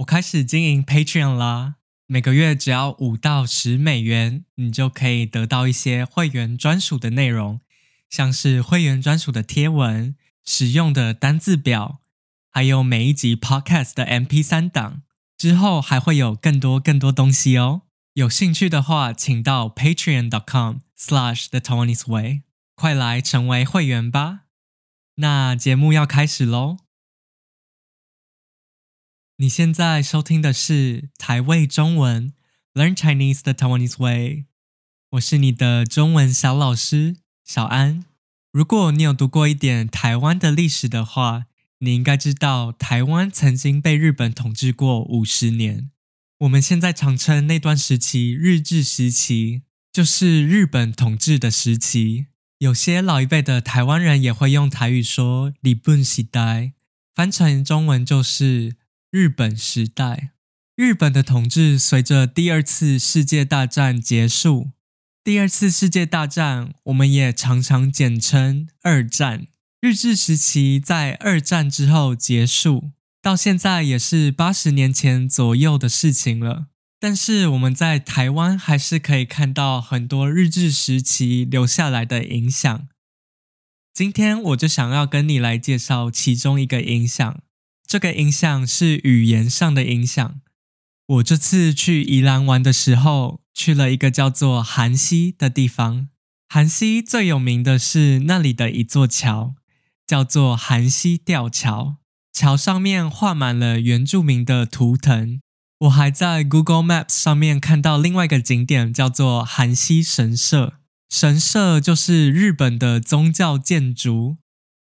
我開始經營 Patreon 啦。每個月只要五到十美元，你就可以得到一些會員專屬的內容，像是會員專屬的貼文、使用的單字表，還有每一集 podcast 的 MP3 檔。之後還會有更多更多東西哦。有興趣的話，請到 Patreon.com/thetaiwaneseway，快來成為會員吧。那節目要開始嘍！你現在收聽的是台味中文 Learn Chinese the Taiwanese Way，我是你的中文小老師小安。如果你有讀過一點台灣的歷史的話，你應該知道台灣曾經被日本統治過五十年。我們現在常稱那段時期“日治時期”，就是日本統治的時期。有些老一輩的台灣人也會用台語說“日本時代”，翻成中文就是，日本時代，日本的統治隨着第二次世界大戰結束。第二次世界大戰，我們也常常簡稱二戰。日治時期在二戰之後結束，到現在也是八十年前左右的事情了。但是我們在台灣還是可以看到很多日治時期留下來的影響。今天我就想要跟你來介紹其中一個影響。這個影響是語言上的影響。我這次去宜蘭玩的時候，去了一個叫做寒溪的地方。寒溪最有名的是那裡的一座橋，叫做寒溪吊橋。橋上面畫滿了原住民的圖騰。我還在 Google Maps 上面看到另外一個景點，叫做寒溪神社。神社就是日本的宗教建築。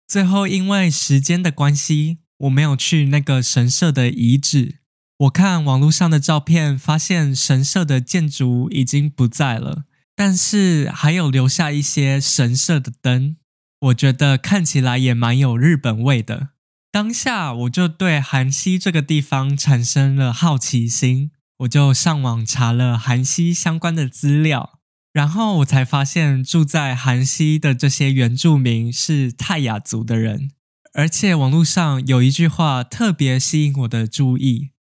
最後，因為時間的關係，我沒有去那個神社的遺址，我看網路上的照片，發現神社的建築已經不在了，但是還有留下一些神社的燈，我覺得看起來也蠻有日本味的。當下我就對寒溪這個地方產生了好奇心，我就上網查了寒溪相關的資料，然後我才發現住在寒溪的這些原住民是泰雅族的人。而且網絡上有一句話特別吸引我的注意，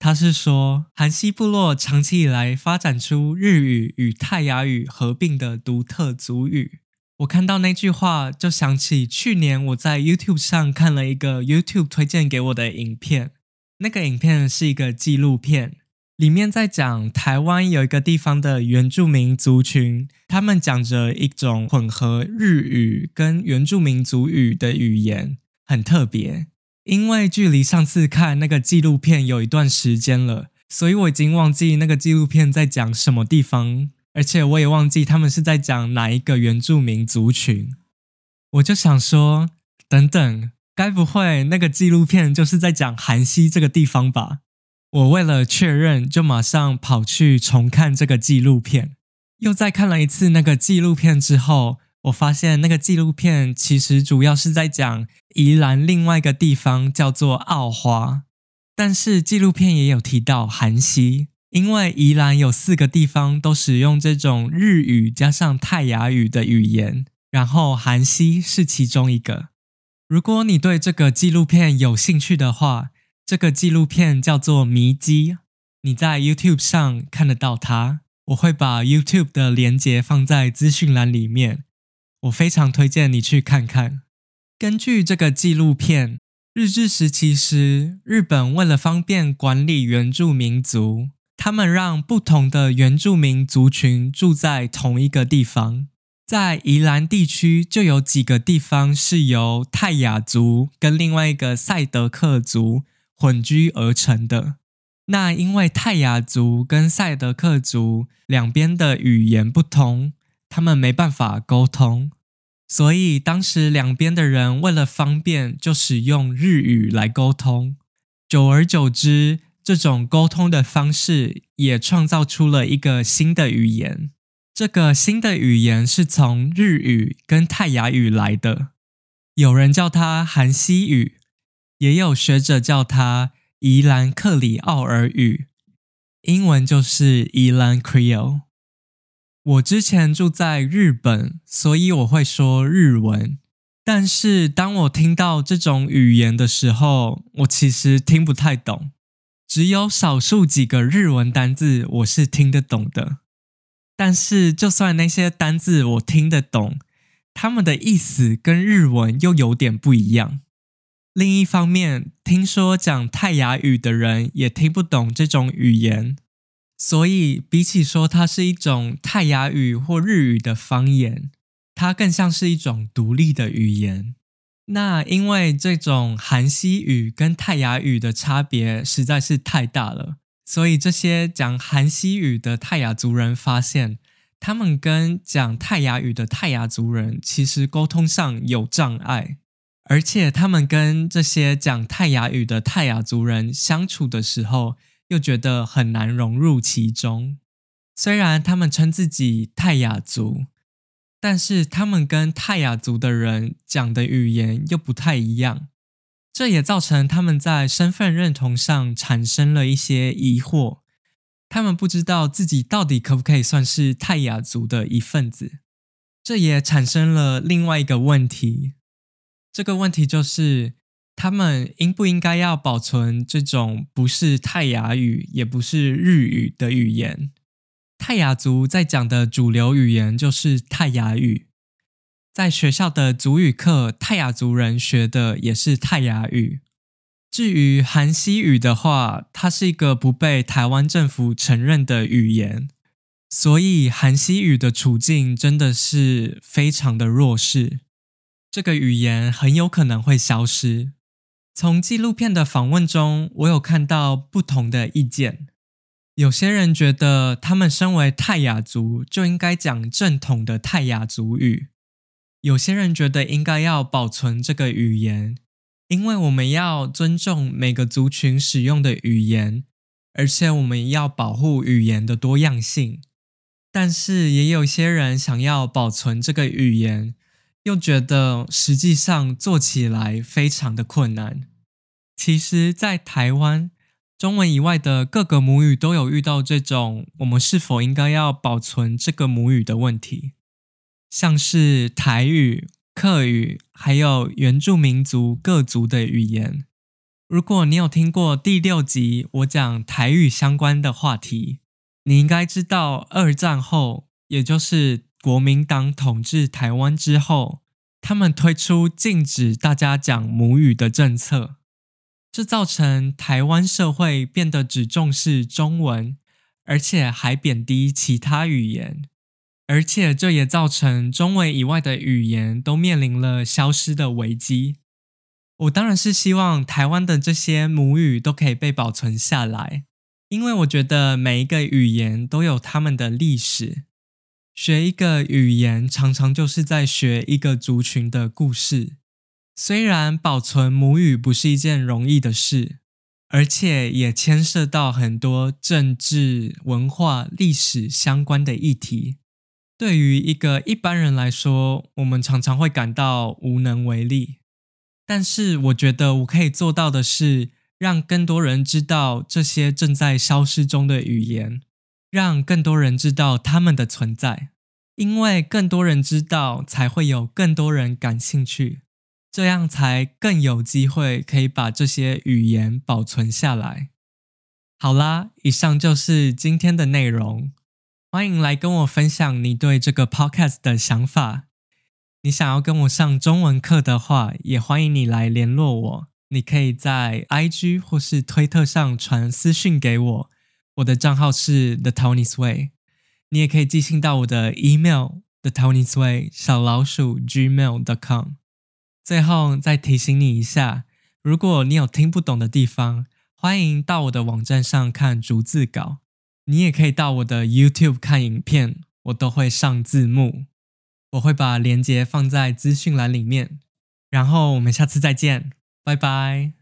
他是說寒溪部落長期以來發展出日語與泰雅語合併的獨特族語。我看到那句話就想起去年我在 YouTube 上看了一個 YouTube 推薦給我的影片，那個影片是一個紀錄片，裡面在講台灣有一個地方的原住民族群，他們講着一種混合日語跟原住民族語的語言。很特別，因為距離上次看那個紀錄片有一段時間了，所以我已經忘記那個紀錄片在講什麼地方，而且我也忘記他們是在講哪一個原住民族群。我就想說，等等，該不會那個紀錄片就是在講寒溪這個地方吧？我為了確認，就馬上跑去重看這個紀錄片。又再看了一次那個紀錄片之後。我發現那個紀錄片其實主要是在講宜蘭另外一個地方叫做澳花，但是紀錄片也有提到寒溪，因為宜蘭有四個地方都使用這種日語加上泰雅語的語言，然後寒溪是其中一個。如果你對這個紀錄片有興趣的話，這個紀錄片叫做《迷跡》，你在 YouTube 上看得到它，我會把 YouTube 的鏈接放在資訊欄裡面。我非常推薦你去看看。根據這個紀錄片，日治時期時，日本為了方便管理原住民族，他們讓不同的原住民族群住在同一個地方。在宜蘭地區就有幾個地方是由泰雅族跟另外一個賽德克族混居而成的。那因為泰雅族跟賽德克族兩邊的語言不同，他們沒辦法溝通。所以當時兩邊的人為了方便，就使用日語來溝通。久而久之，這種溝通的方式也創造出了一個新的語言。這個新的語言是從日語跟泰雅語來的，有人叫它寒溪語，也有學者叫它宜蘭克里奧爾語，英文就是 Yilan Creole。我之前住在日本，所以我會說日文。但是當我聽到這種語言的時候，我其實聽不太懂。只有少數幾個日文單字我是聽得懂的。但是就算那些單字我聽得懂，他們的意思跟日文又有點不一樣。另一方面，聽說講泰雅語的人也聽不懂這種語言。所以，比起說它是一種泰雅語或日語的方言，它更像是一種獨立的語言。那因為這種寒溪語跟泰雅語的差別實在是太大了，所以這些講寒溪語的泰雅族人發現，他們跟講泰雅語的泰雅族人其實溝通上有障礙，而且他們跟這些講泰雅語的泰雅族人相處的時候，又覺得很難融入其中。雖然他們稱自己泰雅族，但是他們跟泰雅族的人講的語言又不太一樣，這也造成他們在身份認同上產生了一些疑惑。他們不知道自己到底可不可以算是泰雅族的一份子。這也產生了另外一個問題，這個問題就是。他們應不應該要保存這種不是泰雅語也不是日語的語言？泰雅族在講的主流語言就是泰雅語，在學校的族語課，泰雅族人學的也是泰雅語。至於寒溪語的話，它是一個不被台灣政府承認的語言，所以寒溪語的處境真的是非常的弱勢。這個語言很有可能會消失。從紀錄片的訪問中，我有看到不同的意見。有些人覺得，他們身為泰雅族就應該講正統的泰雅族語；有些人覺得應該要保存這個語言，因為我們要尊重每個族群使用的語言，而且我們要保護語言的多樣性。但是，也有些人想要保存這個語言。又覺得實際上做起來非常的困難。其實，在台灣，中文以外的各個母語都有遇到這種我們是否應該要保存這個母語的問題，像是台語、客語，還有原住民族各族的語言。如果你有聽過第六集我講台語相關的話題，你應該知道二戰後，也就是國民黨統治台灣之後，他們推出禁止大家講母語的政策，這造成台灣社會變得只重視中文，而且還貶低其他語言，而且這也造成中文以外的語言都面臨了消失的危機。我當然是希望台灣的這些母語都可以被保存下來，因為我覺得每一個語言都有他們的歷史。學一個語言，常常就是在學一個族群的故事。雖然保存母語不是一件容易的事，而且也牽涉到很多政治、文化、歷史相關的議題。對於一個一般人來說，我們常常會感到無能為力。但是，我覺得我可以做到的是，讓更多人知道這些正在消失中的語言。讓更多人知道他們的存在，因為更多人知道，才會有更多人感興趣，這樣才更有機會可以把這些語言保存下來。好啦，以上就是今天的內容。歡迎來跟我分享你對這個 podcast 的想法。你想要跟我上中文課的話，也歡迎你來聯絡我。你可以在 IG 或是推特上傳私訊給我。我的賬號是 the taiwanese way，你也可以寄信到我的 email thetaiwaneseway 小老鼠 gmail.com。最後再提醒你一下，如果你有聽不懂的地方，歡迎到我的網站上看逐字稿，你也可以到我的 YouTube 看影片，我都會上字幕。我會把鏈接放在資訊欄裡面，然後我們下次再見，拜拜。